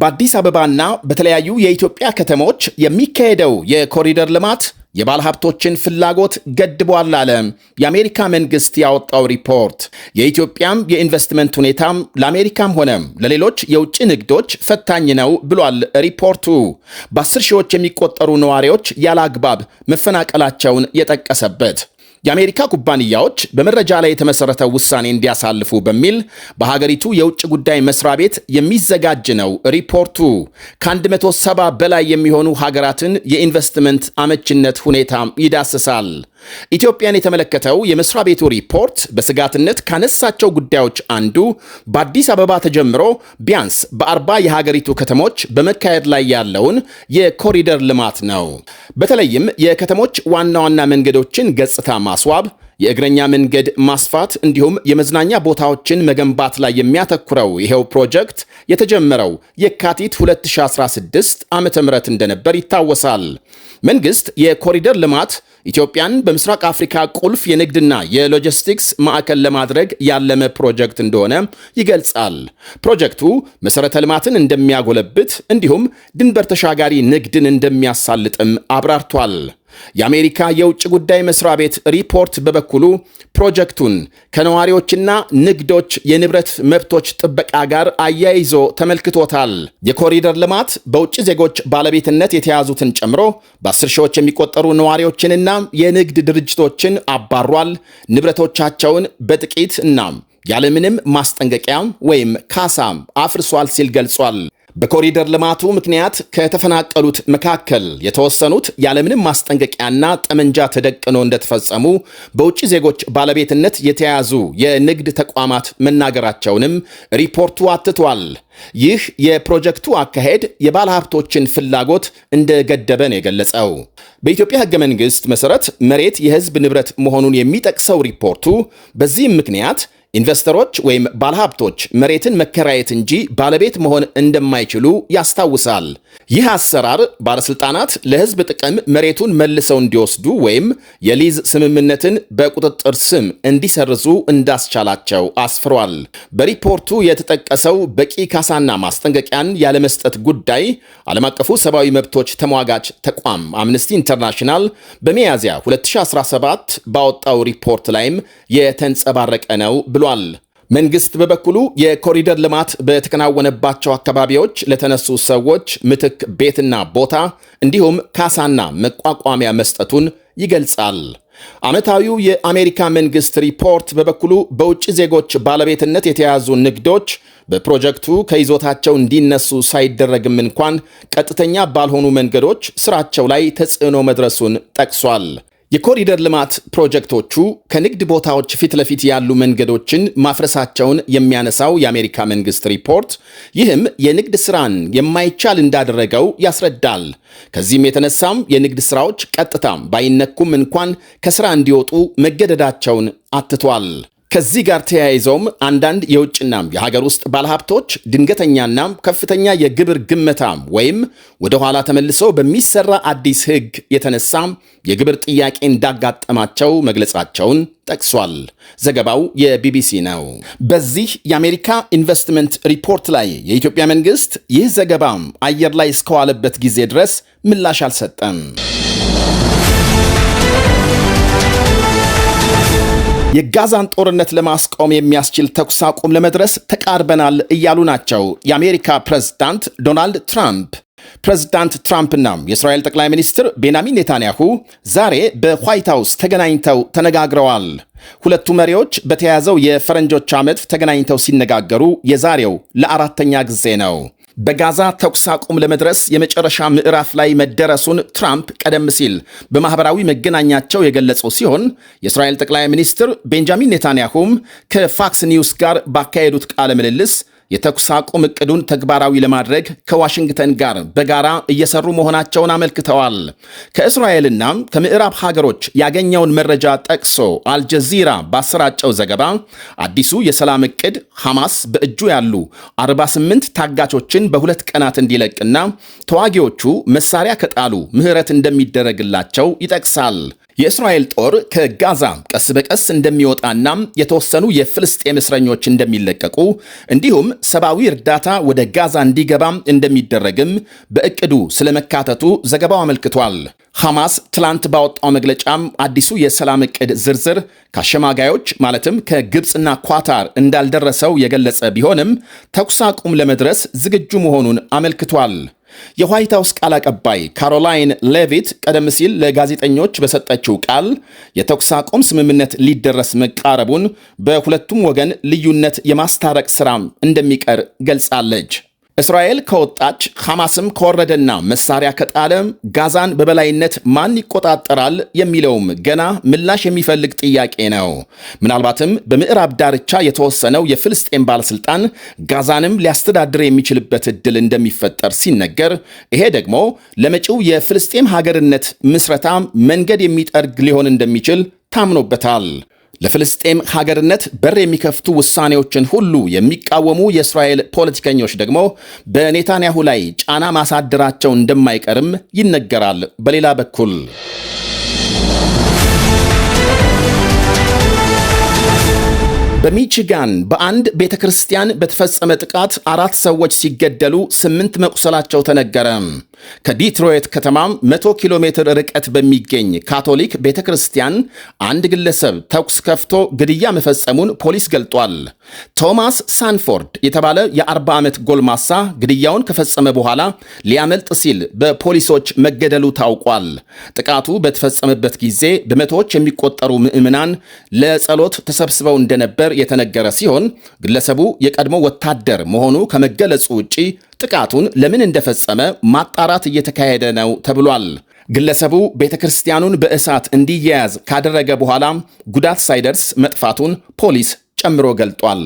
በአዲስ አበባና በተለያዩ የኢትዮጵያ ከተሞች የሚካሄደው የኮሪደር ልማት የባለ ሀብቶችን ፍላጎት ገድቧል አለ የአሜሪካ መንግስት ያወጣው ሪፖርት። የኢትዮጵያም የኢንቨስትመንት ሁኔታም ለአሜሪካም ሆነ ለሌሎች የውጭ ንግዶች ፈታኝ ነው ብሏል ሪፖርቱ። በአስር ሺዎች የሚቆጠሩ ነዋሪዎች ያለ አግባብ መፈናቀላቸውን የጠቀሰበት የአሜሪካ ኩባንያዎች በመረጃ ላይ የተመሰረተ ውሳኔ እንዲያሳልፉ በሚል በሀገሪቱ የውጭ ጉዳይ መስሪያ ቤት የሚዘጋጅ ነው ሪፖርቱ። ከ170 በላይ የሚሆኑ ሀገራትን የኢንቨስትመንት አመችነት ሁኔታ ይዳስሳል። ኢትዮጵያን የተመለከተው የመስሪያ ቤቱ ሪፖርት በስጋትነት ካነሳቸው ጉዳዮች አንዱ በአዲስ አበባ ተጀምሮ ቢያንስ በአርባ የሀገሪቱ ከተሞች በመካሄድ ላይ ያለውን የኮሪደር ልማት ነው። በተለይም የከተሞች ዋና ዋና መንገዶችን ገጽታ ማስዋብ የእግረኛ መንገድ ማስፋት እንዲሁም የመዝናኛ ቦታዎችን መገንባት ላይ የሚያተኩረው ይሄው ፕሮጀክት የተጀመረው የካቲት 2016 ም እንደነበር ይታወሳል። መንግስት የኮሪደር ልማት ኢትዮጵያን በምስራቅ አፍሪካ ቁልፍ የንግድና የሎጂስቲክስ ማዕከል ለማድረግ ያለመ ፕሮጀክት እንደሆነ ይገልጻል። ፕሮጀክቱ መሠረተ ልማትን እንደሚያጎለብት እንዲሁም ድንበር ተሻጋሪ ንግድን እንደሚያሳልጥም አብራርቷል። የአሜሪካ የውጭ ጉዳይ መስሪያ ቤት ሪፖርት በበኩሉ ፕሮጀክቱን ከነዋሪዎችና ንግዶች የንብረት መብቶች ጥበቃ ጋር አያይዞ ተመልክቶታል። የኮሪደር ልማት በውጭ ዜጎች ባለቤትነት የተያዙትን ጨምሮ በአስር ሺዎች የሚቆጠሩ ነዋሪዎችንና የንግድ ድርጅቶችን አባሯል። ንብረቶቻቸውን በጥቂት እና ያለምንም ማስጠንቀቂያ ወይም ካሳም አፍርሷል ሲል ገልጿል። በኮሪደር ልማቱ ምክንያት ከተፈናቀሉት መካከል የተወሰኑት ያለምንም ማስጠንቀቂያና ጠመንጃ ተደቅኖ እንደተፈጸሙ በውጭ ዜጎች ባለቤትነት የተያዙ የንግድ ተቋማት መናገራቸውንም ሪፖርቱ አትቷል። ይህ የፕሮጀክቱ አካሄድ የባለሀብቶችን ፍላጎት እንደገደበ ነው የገለጸው። በኢትዮጵያ ሕገ መንግሥት መሠረት መሬት የሕዝብ ንብረት መሆኑን የሚጠቅሰው ሪፖርቱ በዚህም ምክንያት ኢንቨስተሮች ወይም ባለሀብቶች መሬትን መከራየት እንጂ ባለቤት መሆን እንደማይችሉ ያስታውሳል። ይህ አሰራር ባለስልጣናት ለህዝብ ጥቅም መሬቱን መልሰው እንዲወስዱ ወይም የሊዝ ስምምነትን በቁጥጥር ስም እንዲሰርዙ እንዳስቻላቸው አስፍሯል። በሪፖርቱ የተጠቀሰው በቂ ካሳና ማስጠንቀቂያን ያለመስጠት ጉዳይ ዓለም አቀፉ ሰብአዊ መብቶች ተሟጋች ተቋም አምነስቲ ኢንተርናሽናል በሚያዝያ 2017 ባወጣው ሪፖርት ላይም የተንጸባረቀ ነው ብሏል። ብሏል። መንግስት በበኩሉ የኮሪደር ልማት በተከናወነባቸው አካባቢዎች ለተነሱ ሰዎች ምትክ ቤትና ቦታ እንዲሁም ካሳና መቋቋሚያ መስጠቱን ይገልጻል። ዓመታዊው የአሜሪካ መንግስት ሪፖርት በበኩሉ በውጭ ዜጎች ባለቤትነት የተያዙ ንግዶች በፕሮጀክቱ ከይዞታቸው እንዲነሱ ሳይደረግም እንኳን ቀጥተኛ ባልሆኑ መንገዶች ስራቸው ላይ ተጽዕኖ መድረሱን ጠቅሷል። የኮሪደር ልማት ፕሮጀክቶቹ ከንግድ ቦታዎች ፊት ለፊት ያሉ መንገዶችን ማፍረሳቸውን የሚያነሳው የአሜሪካ መንግስት ሪፖርት፣ ይህም የንግድ ስራን የማይቻል እንዳደረገው ያስረዳል። ከዚህም የተነሳም የንግድ ስራዎች ቀጥታም ባይነኩም እንኳን ከስራ እንዲወጡ መገደዳቸውን አትቷል። ከዚህ ጋር ተያይዘውም አንዳንድ የውጭና የሀገር ውስጥ ባለሀብቶች ድንገተኛና ከፍተኛ የግብር ግመታ ወይም ወደኋላ ተመልሰው በሚሰራ አዲስ ሕግ የተነሳ የግብር ጥያቄ እንዳጋጠማቸው መግለጻቸውን ጠቅሷል። ዘገባው የቢቢሲ ነው። በዚህ የአሜሪካ ኢንቨስትመንት ሪፖርት ላይ የኢትዮጵያ መንግስት ይህ ዘገባ አየር ላይ እስከዋለበት ጊዜ ድረስ ምላሽ አልሰጠም። የጋዛን ጦርነት ለማስቆም የሚያስችል ተኩስ አቁም ለመድረስ ተቃርበናል እያሉ ናቸው የአሜሪካ ፕሬዝዳንት ዶናልድ ትራምፕ። ፕሬዝዳንት ትራምፕና የእስራኤል ጠቅላይ ሚኒስትር ቤንያሚን ኔታንያሁ ዛሬ በዋይት ሀውስ ተገናኝተው ተነጋግረዋል። ሁለቱ መሪዎች በተያያዘው የፈረንጆች ዓመት ተገናኝተው ሲነጋገሩ የዛሬው ለአራተኛ ጊዜ ነው። በጋዛ ተኩስ አቁም ለመድረስ የመጨረሻ ምዕራፍ ላይ መደረሱን ትራምፕ ቀደም ሲል በማኅበራዊ መገናኛቸው የገለጹ ሲሆን የእስራኤል ጠቅላይ ሚኒስትር ቤንጃሚን ኔታንያሁም ከፋክስ ኒውስ ጋር ባካሄዱት ቃለ ምልልስ የተኩስ አቁም እቅዱን ተግባራዊ ለማድረግ ከዋሽንግተን ጋር በጋራ እየሰሩ መሆናቸውን አመልክተዋል። ከእስራኤልና ከምዕራብ ሀገሮች ያገኘውን መረጃ ጠቅሶ አልጀዚራ ባሰራጨው ዘገባ አዲሱ የሰላም እቅድ ሐማስ በእጁ ያሉ 48 ታጋቾችን በሁለት ቀናት እንዲለቅና ተዋጊዎቹ መሳሪያ ከጣሉ ምህረት እንደሚደረግላቸው ይጠቅሳል። የእስራኤል ጦር ከጋዛ ቀስ በቀስ እንደሚወጣና የተወሰኑ የፍልስጤም እስረኞች እንደሚለቀቁ እንዲሁም ሰብአዊ እርዳታ ወደ ጋዛ እንዲገባ እንደሚደረግም በእቅዱ ስለመካተቱ ዘገባው አመልክቷል። ሐማስ ትላንት ባወጣው መግለጫም አዲሱ የሰላም እቅድ ዝርዝር ከአሸማጋዮች ማለትም ከግብፅና ኳታር እንዳልደረሰው የገለጸ ቢሆንም ተኩስ አቁም ለመድረስ ዝግጁ መሆኑን አመልክቷል። የዋይት ሀውስ ቃል አቀባይ ካሮላይን ሌቪት ቀደም ሲል ለጋዜጠኞች በሰጠችው ቃል የተኩስ አቁም ስምምነት ሊደረስ መቃረቡን በሁለቱም ወገን ልዩነት የማስታረቅ ሥራም እንደሚቀር ገልጻለች። እስራኤል ከወጣች ሐማስም ከወረደና መሳሪያ ከጣለ ጋዛን በበላይነት ማን ይቆጣጠራል የሚለውም ገና ምላሽ የሚፈልግ ጥያቄ ነው። ምናልባትም በምዕራብ ዳርቻ የተወሰነው የፍልስጤን ባለስልጣን ጋዛንም ሊያስተዳድር የሚችልበት እድል እንደሚፈጠር ሲነገር፣ ይሄ ደግሞ ለመጪው የፍልስጤም ሀገርነት ምስረታ መንገድ የሚጠርግ ሊሆን እንደሚችል ታምኖበታል። ለፍልስጤም ሀገርነት በር የሚከፍቱ ውሳኔዎችን ሁሉ የሚቃወሙ የእስራኤል ፖለቲከኞች ደግሞ በኔታንያሁ ላይ ጫና ማሳደራቸው እንደማይቀርም ይነገራል። በሌላ በኩል በሚችጋን በአንድ ቤተ ክርስቲያን በተፈጸመ ጥቃት አራት ሰዎች ሲገደሉ ስምንት መቁሰላቸው ተነገረ። ከዲትሮይት ከተማም 100 ኪሎ ሜትር ርቀት በሚገኝ ካቶሊክ ቤተ ክርስቲያን አንድ ግለሰብ ተኩስ ከፍቶ ግድያ መፈጸሙን ፖሊስ ገልጧል። ቶማስ ሳንፎርድ የተባለ የ40 ዓመት ጎልማሳ ግድያውን ከፈጸመ በኋላ ሊያመልጥ ሲል በፖሊሶች መገደሉ ታውቋል። ጥቃቱ በተፈጸመበት ጊዜ በመቶዎች የሚቆጠሩ ምዕምናን ለጸሎት ተሰብስበው እንደነበር የተነገረ ሲሆን ግለሰቡ የቀድሞ ወታደር መሆኑ ከመገለጹ ውጪ ጥቃቱን ለምን እንደፈጸመ ማጣራት እየተካሄደ ነው ተብሏል። ግለሰቡ ቤተ ክርስቲያኑን በእሳት እንዲያያዝ ካደረገ በኋላ ጉዳት ሳይደርስ መጥፋቱን ፖሊስ ጨምሮ ገልጧል።